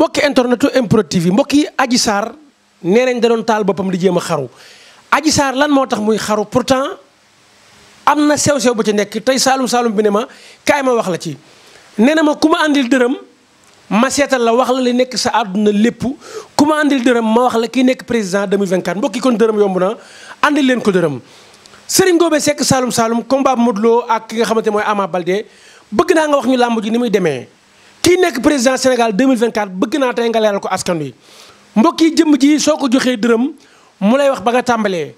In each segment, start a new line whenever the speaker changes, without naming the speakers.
mbokki internetu improtive TV mbokk yi Adji Sarr nee nañ da doon taal boppam di jéem a xaru Adji Sarr lan moo tax muy xaru pourtant am na sew-sew bu ci nekk tey saalum saalum bi ne ma kaay ma wax la ci nee na ma ku ma àndil dërëm ma seetal la wax la li nekk sa àdduna lépp ku ma àndil dërëm ma wax la ki nekk président 2024 mbokk mbokki kon dërëm yomb na àndil leen ko dërëm Serigne Gobe sekk saalum saalum combat Modou Lo ak ki nga xamante mooy amaa Baldé bëgg naa nga wax ñu làmb ji ni muy demee kii nekk président Sénégal 2024 bëgg naa tey nga leeral ko askan wi mbokk yi jëmm ji soo ko joxee dërëm mu lay wax ba nga tàmbalee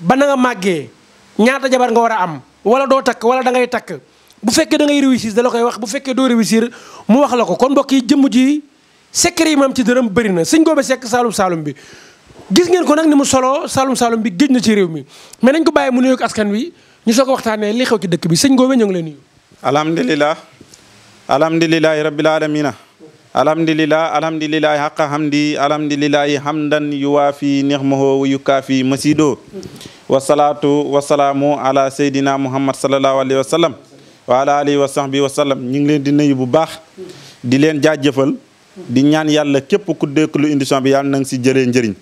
ba na nga màggee ñaata jabar nga war a am wala doo takk wala da ngay takk bu fekkee da ngay réussir da koy wax bu fekkee doo réussir mu wax la ko kon mbokk yi jëmm ji secret yi mu am ci dërëm bëri na sëñ Gobe sekk Saalum Saalum bi. gis ngeen ko nag ni mu solo Saalum Saalum bi géej na ci réew mi mais nañ ko bàyyi mu nuyoog askan wi ñu soo ko waxtaanee li xew ci dëkk bi sëñ Gobe ñu ngi lay nuyu.
alhamdulilah. alhamdulilahi rabbil alamina alhamdulillah alhamdulilahi hamdi alhamdulilahi hamdan yuwaafi nihmahu yukaafi masido wasalaatu wasalaamu ala seydina muhammad salallahu alayhi wa wa ala alihi wa sahbi wa sallam ñu ngi leen di nuyu bu baax di leen jaajëfal di ñaan yàlla képp ku dékklu émission bi yàlla na nga si jëlee njëriñ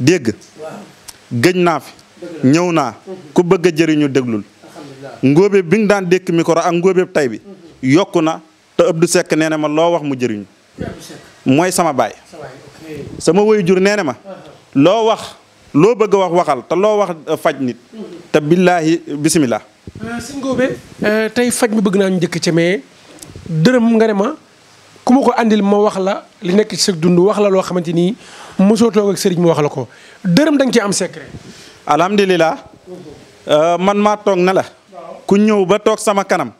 dégg gëj naa fi ñëw naa ku bëgg a jëriñu déglul ngóobe bi nga daan dékk micro ak tay bi yokku na te Abdou Seck nee na ma loo wax mu jëriñu mooy sama baay sama woyu jur nee na ma loo wax loo bëgg a wax waxal te loo wax uh, faj nit te billaahi bisimilah. Euh, sëñ euh, tey
faj mi bëgg naa njëkk ci mais dërëm nga ma ku ma ko andil ma wax la li
nekk ci sa dund wax la loo xamante ni mosoo toog ak sëriñ mu wax la ko dërëm da nga ci am secret. alhamdulilah euh, man maa toog na la. ku ñëw ba toog sama kanam.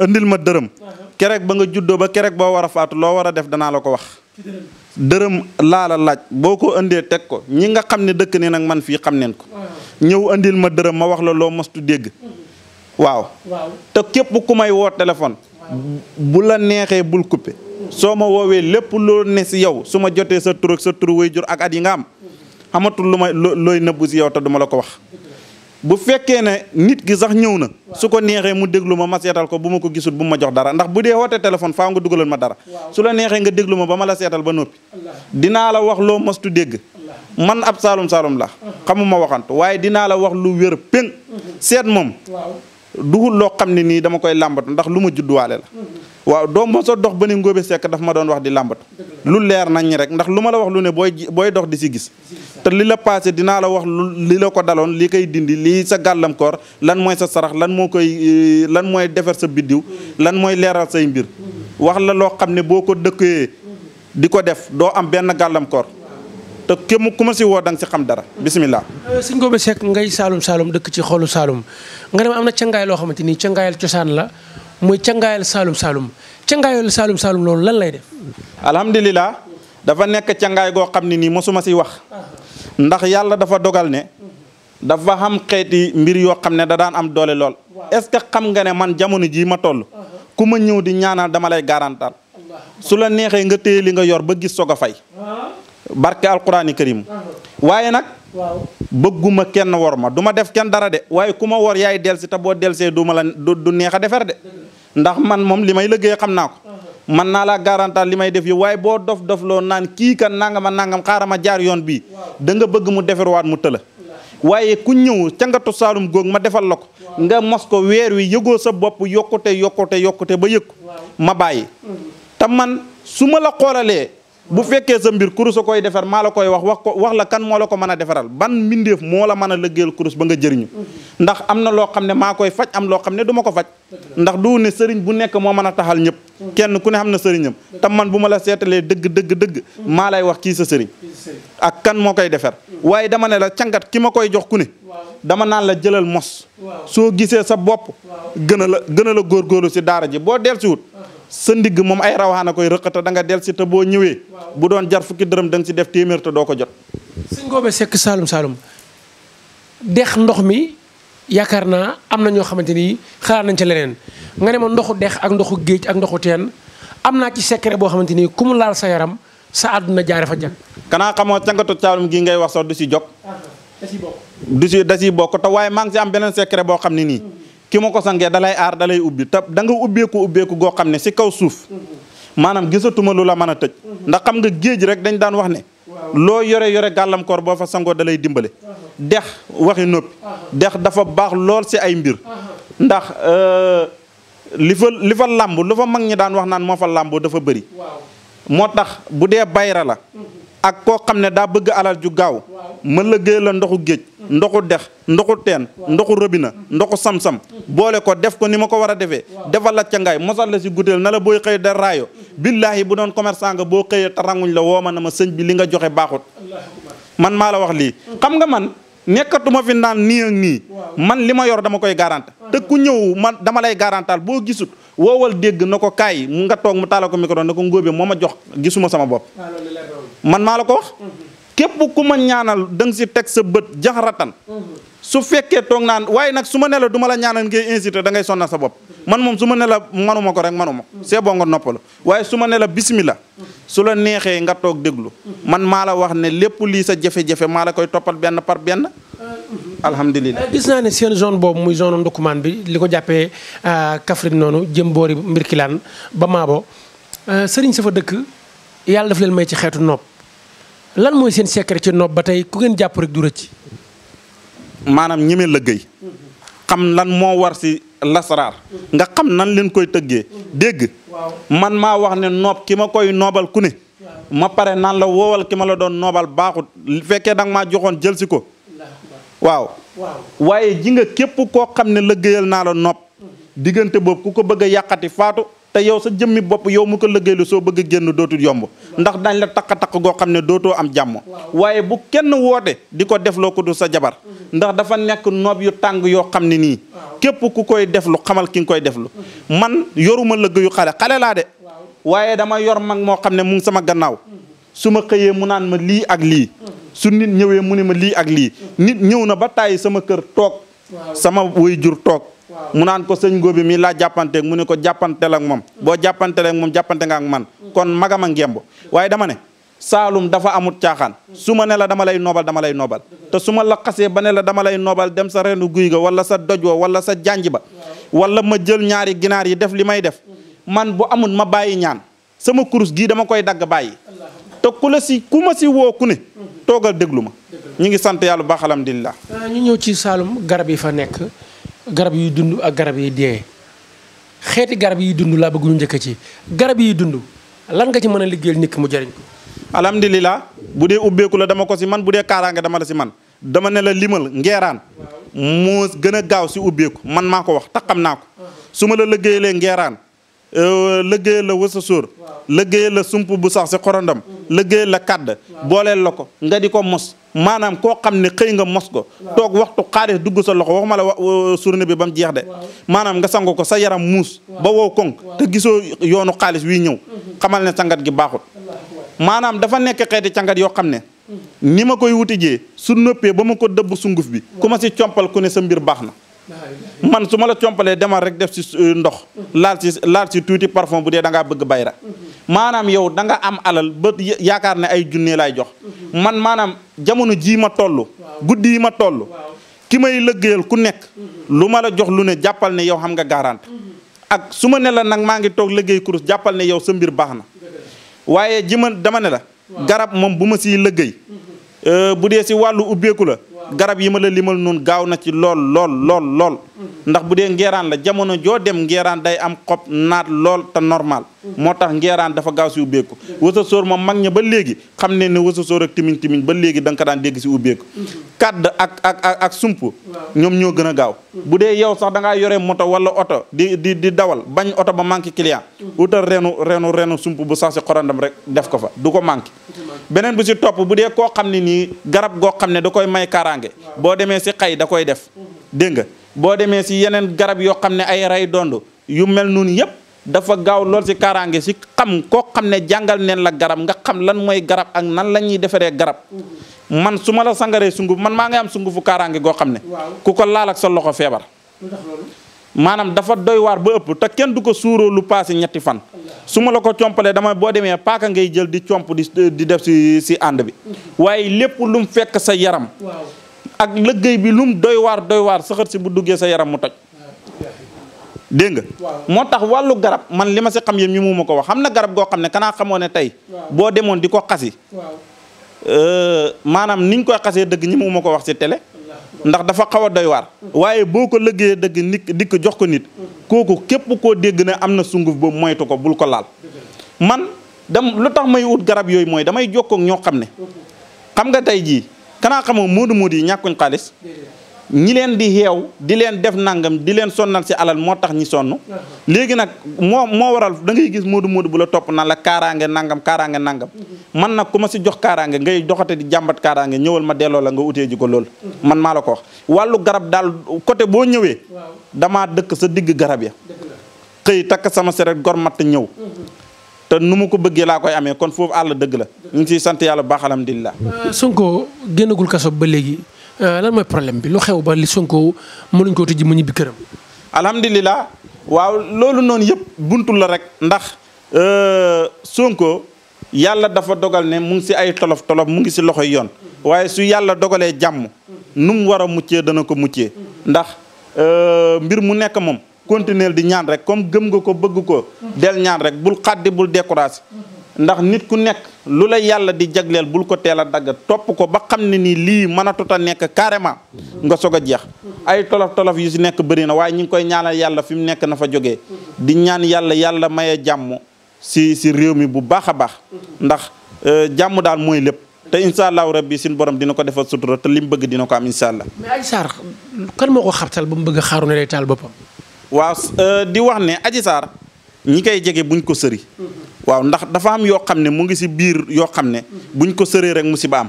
andil ma dërëm. kerek ba nga juddoo ba kerek boo war a faatu loo war a def danaa la ko wax dërëm laala laaj boo ko indee teg ko ñi nga xam ne dëkk ne nag man fii xam neen ko ñëw andil ma dërëm ma wax la loo mastu dégg waaw te képp ku may woo téléphone bu la neexee bul coupé soo ma woowee lépp loo ne si yow su ma jotee sa tur ak sa tur way jur ak at yi nga am amatul lu may looy nëbbu si yow te duma la ko wax bu fekkee ne nit ki sax ñëw na su ko neexee mu déglu ma ma seetal ko bu ma ko gisul bu ma jox dara ndax bu dee woote téléphone faaw nga dugalal ma dara su la neexee nga déglu ma ba ma la seetal ba noppi dinaa la wax loo mastu dégg man ab saalum saalum la xamuma waxantu waaye dinaa la wax lu wér péng seet moom duhul loo xam ne nii dama koy làmbatu ndax lu ma judduwaale la waaw doo mosoo dox ba ne ngóobe sekk daf ma doon wax di làmbat lu leer nañ ñi rek ndax lu ma la wax lu ne booy booy dox di si gis te li la passé dinaa la wax lu li la ko daloon li koy dindi lii sa gàllankoor lan mooy sa sarax lan moo koy euh, lan mooy defar sa biddiw lan mooy leeral say mbir wax la loo xam ne boo ko dëkkee di ko def doo am benn gàllankoor te kéem ku ma si woo da si xam dara bisimilah.
Euh, sëñ Ngobé Seck ngay Saalum Saalum dëkk ci xolu Saalum nga dem am na cangaay loo xamante ni cangaayal cosaan la
mooy cangaayal saalum saalum cangaayal saalum saalum loolu lan lay def. alhamdulilah dafa nekk cangaay goo xam ne nii mosuma ci wax ndax yàlla dafa dogal ne dafa xam xeeti mbir yoo xam ne da daan am doole lool est-ce que xam nga ne man jamono jii ma toll ku ma ñëw di ñaanal dama lay garantal su la neexee nga téye li nga yor ba gis soog a fay barke alquraani karim waaye nag. waaw bëgguma kenn wor ma du ma def kenn dara de waaye ku ma wor yaay delsi ta boo delsee du ma la du neex a defar de ndax man moom li may liggéey xam naa ko uh-huh. man naa laa garantal li may def waaye boo dof dof loo naan kii kan nangama nangam xaaral ma jaar yoon bii da nga bëgg mu defarwaat mu tëla waaye ku ñëw cangatu saalum góog ma defal la ko nga mos ko weer wi yëgoo sa bopp yokkute yokkute yokkute ba yëg ma bàyyi mm-hmm. te man su la xoolalee bu fekkee sa mbir kurus a koy defar maa la koy wax wax ko wax la kan moo la ko mën a defaral ban mbindeef moo la mën a lëggeel kurus ba nga jëriñu ndax am na loo xam ne maa koy faj am loo xam ne du ko faj ndax du ne sëriñ bu nekk moo mën a taxal ñëpp kenn ku ne xam na sëriñam te man bu ma la seetalee dëgg dëgg dëgg maa lay wax kii sa sëriñ ak kan moo koy defar waaye dama ne la cangat ki ma koy jox ku ne dama naan la jëlal mos soo gisee sa bopp gën a la gën la góorgóorlu si daara ji boo dellusiwut sa ndigg moom ay rawaana koy rëqata da nga del si te boo ñëwee bu doon jar fukki dërëm da nga si def téeméer te doo ko jot
sëñ Ngobe Seck Saalum Saalum dex ndox mi yaakaar naa am na ñoo xamante ni xalaat nañ ca leneen nga ne ma ndoxu dex ak ndoxu géej ak ndoxu teen am naa ci secret boo xamante ni ku mu laal sa yaram
sa àdduna jaare fa jag kanaa xamoo cangatu caalum gi ngay wax sax du si jog du si da bokk te waaye maa ngi si am beneen secret boo xam ne nii ki ma ko sangee dalay aar dalay ubbi te da nga ubbeeku ubbeeku goo xam ne si kaw suuf maanaam gisatuma lu la mën a tëj ndax xam nga géej rek dañ daan wax ne loo yore yore gàllamkoor boo fa sangoo dalay dimbale dex waxi noppi dex dafa baax lool si ay mbir ndax euh, li fa li fa làmb lu fa mag ñi daan wax naan moo fa làmb dafa bëri moo tax bu dee bayra la mm-hmm. ak koo xam ne daa bëgg alal ju gaaw ma lëggee la ndoxu géej ndoxu dex ndoxu teen ndoxu robina ndoxu sam-sam boole ko def ko ni ma ko war a defee defal la cangaay mosal la si guddeel na la booy xëy da raayo billaahi bu doon commerçant nga boo xëyee taranguñ la woo ma na ma sëñ bi li nga joxe baaxut man maa la wax lii xam nga man nekkatuma fi naan nii ak nii man li ma yor dama koy garante te ku ñëw dama lay garantal boo gisut woowal dégg na ko kaay mu nga toog mu taalal ko micro na ko ngóobe moo ma jox gisuma sama bopp ah, man maa la ko wax mhm. képp ku ma ñaanal da si teg sa bët jaxaratan mhm. su fekkee toog naan waaye nag su ma ne la la ñaanal ngay incité da ngay sonna sa bopp mhm. man moom su ma ne la manuma ko rek manuma c'est bon nga noppalu waaye su ma ne la bismillah su la neexee nga toog déglu man maa la wax ne lépp lii sa jafe-jafe maa la koy toppal benn par benn alhamdulilah euh, gis
naa ne seen zone boobu muy zone Ndoukoumane bi li ko jàppee euh, Kaffrine noonu jëm boori Mbirkilaan ba Maabo euh, sëriñ sa dëkk yàlla daf leen may ci xeetu nopp lan mooy seen secret ci nopp ba tey ku ngeen jàpp rek du rëcc.
maanaam ñemee lëggéey xam lan moo war si lasaraar nga xam nan leen koy tëggee dégg man maa wax ne noob ki ma koy noobal ku ne ma pare naan la woowal ki ma la doon noobal baaxut fekkee danga maa joxoon jël ko waaw waaye ji nga képp koo xam ne lëggéeyal naa la nopp diggante boobu ku ko bëgg a yàqati faatu te yow sa jëmmi bopp yow mu ko lëggéeylu soo bëgg génn dootul yomb ndax dañ la takk-takk goo xam ne dootoo am jàmm waaye bu kenn woote di ko defloo ko du sa jabar mm-hmm. ndax dafa nekk noob yu tàng yoo xam ne nii képp ku koy deflu xamal ki nga koy deflu mm-hmm. man yoruma lëggéeyu xale xale laa de waaye dama yor mag moo xam ne mu sama gannaaw mm-hmm. su ma xëyee mu naan ma lii ak lii su nit ñëwee mu ne ma lii ak lii nit ñëw na ba tàyyi sama kër toog sama way toog mu naan ko sëñ góobi mii laa jàppante mu ne ko jàppanteel ak moom boo jàppanteel ak moom jàppante nga ak man kon magam a ngemb waaye dama ne saalum dafa amut caaxaan su ma ne la dama lay noobal dama lay noobal te su ma la xasee ba ne la dama lay noobal dem sa reenu guy ga wala sa doj wa wala sa jànj ba wala ma jël ñaari ginaar yi def li may def man bu amul ma bàyyi ñaan sama kurus gii dama koy dagg bàyyi te ku la si ku ma si woo ku ne toogal déglu ma ñu ngi sant yàlla bu baax alhamdulilah
euh, ñu ñëw ci Saalum garab yi fa nekk garab yuy dund ak garab yi dee
xeeti garab yi dund laa bëgg njëkk ci garab yi dund lan nga ci mën a liggéeyal nit ki mu jariñ ko alhamdulilah bu dee ubbeeku la dama ko si man bu dee kaaraange dama la si man dama ne la limal ngeeraan moo gën a gaaw si ubbeeku man maa ko wax taxam naa ko uh-huh. su ma la liggéeyalee ngeeraan Euh, liggéeyal la wasa sóor liggéeyal la sump bu sax si xorondam liggéeyal la kàdd booleel la ko nga di ko mos maanaam koo xam ne xëy nga mos ko toog waxtu xaalis dugg sa loxo waxuma la surne bi ba mu jeex de maanaam nga sangu ko sa yaram muus ba wow koŋ te gisoo yoonu xaalis wii ñëw xamal ne sangat gi baaxut maanaam dafa nekk xeeti cangat yoo xam ne ni ma koy wuti jee su noppee ba ma ko dëbb sunguf bi ku ma si compal ku ne sa mbir baax na man su ma la compalee demal rek def ci euh, ndox laal ci laal ci tuuti parfum bu dee da ngaa bëgg bayra maanaam yow danga nga am alal ba yaakaar ne ay junne laay jox man maanaam jamono jii ma toll guddi yi ma toll ki may lëggéeyal ku nekk lu ma la jox lu ne jàppal ne yow xam nga garante mm-hmm. ak su ma ne la nag maa ngi toog liggéey kurus jàppal ne yow sa mbir baax na waaye ji ma dama ne la garab moom bu ma si liggéey mm-hmm. euh, bu dee si wàllu ubbeeku la garab yi ma la limal noonu gaaw na ci lool lool lool lool mm-hmm. ndax bu dee ngeeraan la jamono joo dem ngeeraan day am xob naat lool te normal moo tax ngeeraan dafa gaaw si ubbeeku wasa sóor moom mag ña ba léegi xam ne ne wasa sóor ak timiñ timiñ ba léegi da ko daan dégg si ubbeeku kàdd ak ak ak ñoom ñoo gën a gaaw bu dee yow sax da yore moto wala oto di di di dawal bañ oto ba manqué client utal reenu reenu reenu sump bu sax si xorandam rek def ko fa du ko manqué beneen bu si topp bu dee koo xam ne nii garab goo xam ne da koy may kaaraange boo demee si xay da koy def dégg nga boo demee si yeneen garab yoo xam ne ay rey dond yu mel noonu yëpp dafa gaaw lool si kaaraange si xam koo xam ne jàngal neen la garab nga xam lan mooy garab ak nan la ñuy defaree garab mm-hmm. man su ma la sangaree sunguf man maa ngi am sungufu kaaraange goo xam ne ku ko laal ak loxo feebar maanaam dafa doy waar ba ëpp te kenn du ko suuroo lu paase ñetti fan su ma la ko compalee dama boo demee paaka ngay jël di comp di di def si si ànd bi mm-hmm. waaye lépp lu fekk sa yaram ak lëggéey bi lum doy waar doy waar saxar si bu duggee sa yaram mu toj dégg nga moo tax wàllu garab man li ma si xam yem ñi mu ma ko wax xam na garab goo xam ne kanaa xamoo ne tey boo demoon di ko xasi euh, maanaam niñ koy xasee dëgg ñi mu ma ko wax si télé ndax dafa xaw a doy waar waaye boo ko lëggee dëgg nit dikk jox ko nit kooku képp koo dégg ne am na sunguf boobu moytu ko bul ko laal man dam lu tax may ut garab yooyu mooy damay jokkoog ñoo xam ne xam nga tey jii kanaa xamoo moodu moodu yi ñàkkuñ xaalis ñi leen di xeew di leen def nangam di leen sonnal si alal moo tax ñi sonn léegi nag moo moo waral da ngay gis moodu moodu bu la topp naan la kaaraange nangam kaaraange nangam man na ku ma si jox kaaraange ngay doxate di jàmbat kaaraange ñëwal ma delloo la nga utee ji ko lool man maa la ko wàllu garab daal côté boo ñëwee dama dëkk sa digg garab ya xëy takk sama seret gor matt ñëw te nu mu ko bëggee laa koy amee kon foofu àll dëgg la mu ngi ciy sant yàlla bu baax alhamdulilah.
Euh, Sonko génnagul kaso ba léegi euh, lan mooy problème bi lu xew ba li Sonko mënuñ koo tëjji mu ñibbi këram.
alhamdulilah waaw loolu noonu yëpp buntul la rek ndax euh, Sonko yàlla dafa dogal ne mu ngi si ay tolof tolof mu ngi si loxoy yoon waaye su yàlla dogalee jàmm nu mu war a muccee dana ko muccee ndax mbir mu nekk moom. continuer di ñaan rek comme gëm nga ko bëgg ko del ñaan rek bul xaddi bul découragé ndax nit ku nekk lu la yàlla di jagleel bul ko teel a dagg topp ko ba xam ne nii lii mën a nekk carrément nga soog a jeex ay tolof tolof yu si nekk bëri na waaye ñu ngi koy ñaanal yàlla fi mu nekk na fa jógee di ñaan yàlla yàlla maye jàmm si si réew mi bu baax a baax ndax euh, jàmm daal mooy lépp te incha allahu rabbi suñu borom dina ko defal sutura te li mu bëgg dina ko am incha
kan moo ko xabtal ba mu bëgg xaaru ne boppam.
waaw euh, di wax ne Adji Sarr ñi koy jege buñ ko sëri mm-hmm. waaw ndax dafa am yoo xam ne mu ngi si biir yoo xam ne mm-hmm. buñ ko sëree rek mu musiba am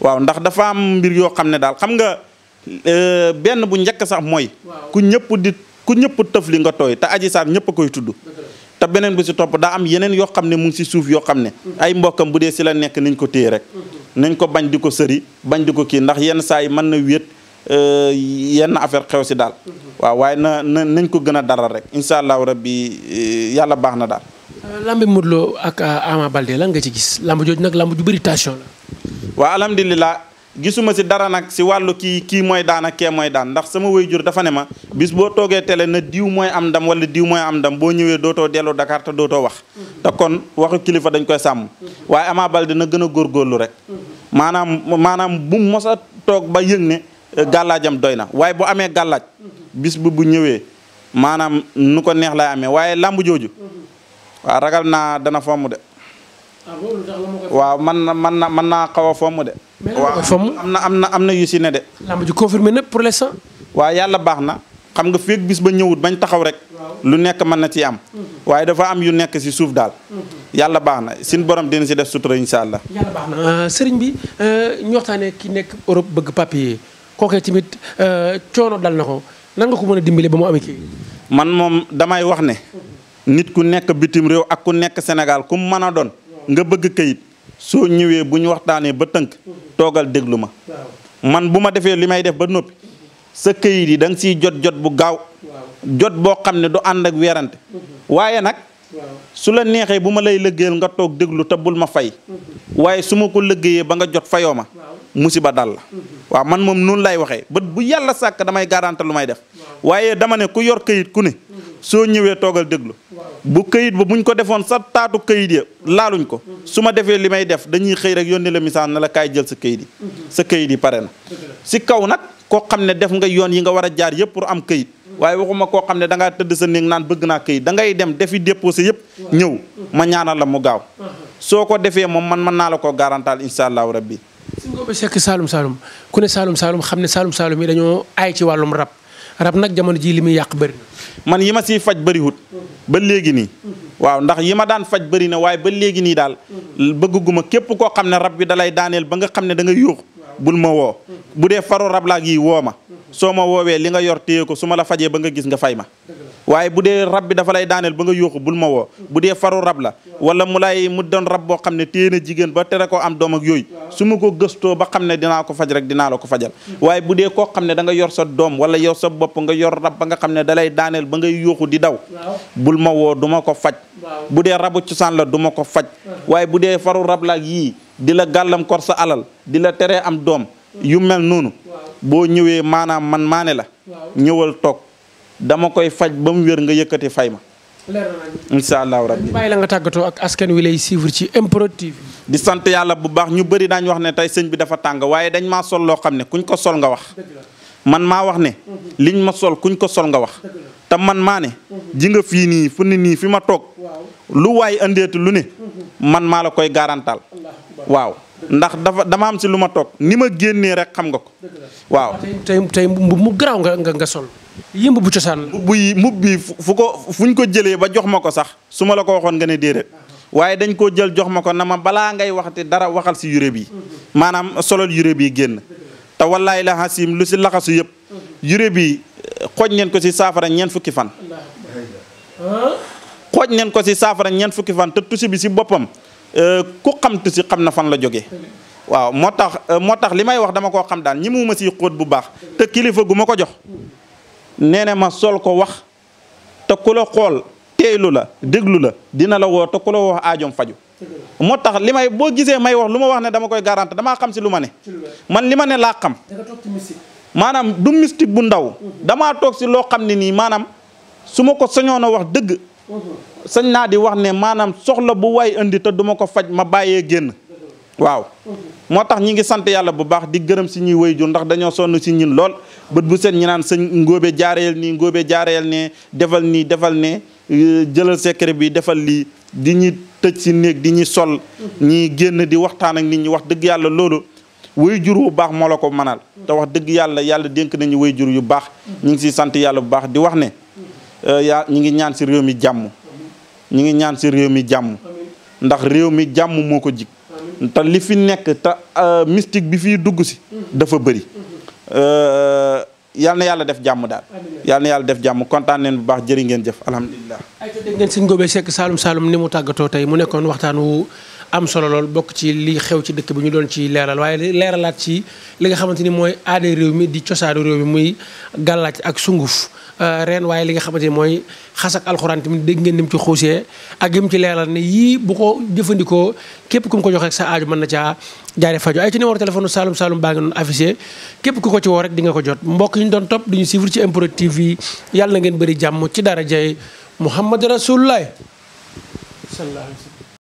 waaw ndax dafa am mbir yoo xam ne daal xam nga euh, benn bu njëkk sax mooy ku ñëpp di ku ñëpp tëf li nga tooy te Adji Sarr ñëpp koy tudd te beneen bu si topp daa am yeneen yoo xam ne mu ngi si suuf yoo xam ne mm-hmm. ay mbokkam bu dee si la nekk nañ ko téye rek nañ ko bañ di ko sëri bañ di ko kii ndax yenn saa yi mën na wéet Euh, yenn affaire xew si daal waaw waaye na na nañ ko gën a daral rek incha allahu rabbi euh, yàlla baax na daal
euh, lambi Modou Lo ak Ama Baldé lan nga ci gis lamb jooju nag lamb ju bëri tension la
waaw alhamdulilah gisuma si dara nag si wàllu kii kii mooy daan ak kee mooy daan ndax sama waajur dafa ne ma bis boo toogee télé na diw mooy am ndam wala diw mooy am ndam boo ñëwee dootoo dellu Dakar te dootoo wax mm-hmm. te kon waxu kilifa dañ koy sàmm mm-hmm. waaye Ama Baldé na gën a góorgóorlu rek mm-hmm. gàllaajam doy na waaye bu amee gàllaaj bis bu bu ñëwee maanaam nu ko neex lay amee waaye làmb jooju ragal naa dana fomm de. Ah, waaw man na man na mën naa xaw a fomm de. waaw am na am na am na yu si de. làmb ji confirmé na pour yàlla baax na xam nga feeg bis ba ñëwut bañ taxaw rek. lu nekk mën na ci am. waaye dafa am yu nekk si suuf daal. yàlla baax na sin borom dina si def sutura incha allah.
na euh, sëriñ bi euh, ñu waxtaanee ki nekk Europe bëgg papier. kookee tamit
euh, coono dal na ko nan nga ko mën a dimbale ba mu amee kii. man moom damay wax ne. nit ku nekk bitim réew ak ku nekk Sénégal ku mën a doon. nga bëgg kayit soo ñëwee bu ñu waxtaanee ba tënk. toogal déglu ma. man bu ma defee li may def ba noppi. sa kayit yi da nga siy jot jot bu gaaw. jot boo xam ne du ànd ak weerante. waaye nag. su la neexee bu ma lay lëggéeyal nga toog déglu te bul ma fay. waaye su ma ko lëggéeyee ba nga jot fayoo ma. musiba dal la waaw man moom noonu lay waxee ba bu yàlla sàkk damay garante lu may def waaye dama ne ku yor këyit ku ne soo ñëwee toogal déglu bu këyit ba buñ ko defoon sa taatu këyit ya laaluñ ko hmm. su ma defee li may def dañuy xëy rek yoon yónni la message na la kaay jël sa këyit yi hmm. sa këyit yi pare na si kaw nag koo xam ne def nga yoon yi nga war a jaar yëpp pour am këyit hmm. waaye waxuma koo xam ne da ngaa tëdd sa néeg naan bëgg naa këyit da ngay dem defi déposé yëpp ñëw ma ñaanal la mu gaaw soo ko man mën naa la koo garantal incha
Serigne Ngombe Seck Saalum Saalum ku ne Saalum Saalum xam ne Saalum Saalum yi dañoo
ay ci wàllum rab rab nag jamono ji li muy yàq bari man yi ma siy faj bariwut ba léegi nii mhm. waaw ndax yi ma daan faj bari na waaye ba léegi nii daal mhm. bëgguma képp koo xam ne rab bi dalay daaneel ba nga xam ne da nga yuux bul ma woo mhm. bu dee faru rab laa gi woo ma soo ma woowee li nga yor téye ko su ma la fajee ba nga gis nga fay ma waaye bu dee rab bi dafa lay daaneel ba nga yuuxu bul ma woo bu dee faru rab la wala mu lay mu doon rab boo xam ne téye na jigéen ba tere ko am doom ak yooyu suma ko gëstoo ba xam ne dinaa ko faj rek dinaa la ko fajal waaye bu dee koo xam ne da yor sa doom wala yow sa bopp nga yor rab ba nga xam ne da lay daaneel ba ngay yuuxu di daw bul ma woo du ko faj bu dee rabu cosaan la du ko faj waaye bu dee faru rab la yii di la gàllankoor sa alal dina teree am doom yu mel noonu boo ñëwee maanaam man maane la ñëwal toog dama koy faj ba mu wér nga yëkkati fay ma. leer na incha allahu rabbi bàyyi
la nga tàggatoo ak askan wi lay suivre ci improtive
di sant yàlla bu baax ñu bëri daañu wax ne tey sëñ bi dafa tàng waaye dañ maa sol loo xam ne kuñ ko sol nga wax. man maa wax ne. Mhm. liñ ma sol kuñ ko sol nga wax. te man maa ne. Mhm. ji nga fii nii fu ne nii fi ma toog. lu waay andeetu lu ne. Mhm. man maa la koy garantal waaw. ndax dafa dama am si lu ma toog ni ma génnee rek xam nga ko. waaw tey tey mbub mu garaaw nga sol. yii mbubu cosaan la. bi fu ko fuñ ko jëlee ba jox ma ko sax su ma la ko waxoon nga ne déedéet. waaye dañ koo jël jox ma ko na ma balaa ngay waxati dara waxal si yuré bi maanaam solal yuré bi génn. te wallaay la xasim lu si laxasu yëpp. yuré bi xooj neen ko si saafara ñeent fukki fan. xooj ko si saafara ñeent fukki fan te tusi bi si boppam. Euh, ku xamtu si xam na fan la joge waaw moo tax euh, moo tax li may wax dama koo xam daal ñi mu ma siy xóot bu baax te kilifa gu ma ko jox nee na ma sol ko wax te ku la xool teeylu la déglu la dina la woo te ku la wax aajoom faju moo tax li may boo gisee may wax lu ma wax ne dama koy garante damaa xam si lu ma ne man li ma ne laa xam maanaam du mystique bu ndaw damaa toog si loo xam ne nii maanaam su ma ko sañoon a wax dëgg mhm. sañ naa di wax ne maanaam soxla bu waay indi te duma ko faj ma bàyyee génn waaw moo tax ñi ngi sant yàlla bu baax di gërëm si ñuy wéy jur ndax dañoo sonn si ñun lool bët bu seen ñi naan sëñ ngóobe jaareel nii ngóobe jaareel ne defal nii defal ne euh, jëlal secret bi defal lii di tëj si néeg di ñuy sol ñi génn di waxtaan ak nit ñi wax dëgg yàlla loolu wéy jur bu baax moo la ko manal te wax dëgg yàlla yàlla dénk nañu wéy jur yu baax ñi ngi siy sant yàlla bu baax di wax ne euh, yaa ñi ngi ñaan si réew mi jàmm ñu ngi ñaan si réew mi jàmm ndax réew mi jàmm moo ko jig te li fi nekk te euh, mystique bi fii dugg si dafa bëri euh, yal na yàlla def jàmm daal yal na yàlla def jàmm kontaan neen bu baax jëri ngeen jëf alhamdulilah
ay dégg ngeen Serigne Ngobe Seck Saloum Saloum ni mu tàggatoo tey mu nekkoon waxtaan am solo lool bokk ci li xew ci dëkk bi ñu doon ci leeral waaye leeralaat ci li nga xamante ni mooy aada réew mi di cosaanu réew mi muy gàllaaj ak sunguf euh, reen waaye li nga xamante ni mooy xas ak alxuraan tamit dégg ngeen ni mu ci xuusee ak yim ci leeral ni yii bu ko jëfandikoo képp ku mu ko jox sa aaju mën na caa jaare fajo ay ci numéro téléphone Saloum Saloum baa ngi noonu képp ku ko ci woo rek di nga ko jot mbokk yi ñu doon topp di ñu suivre ci MPROD TV yàlla ngeen bëri jàmm ci dara jay Muhammad Rasulullah
sallallahu alayhi wa sallam